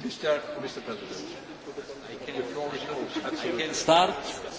Mr. Mr. President, I can, the floor is yours. I start.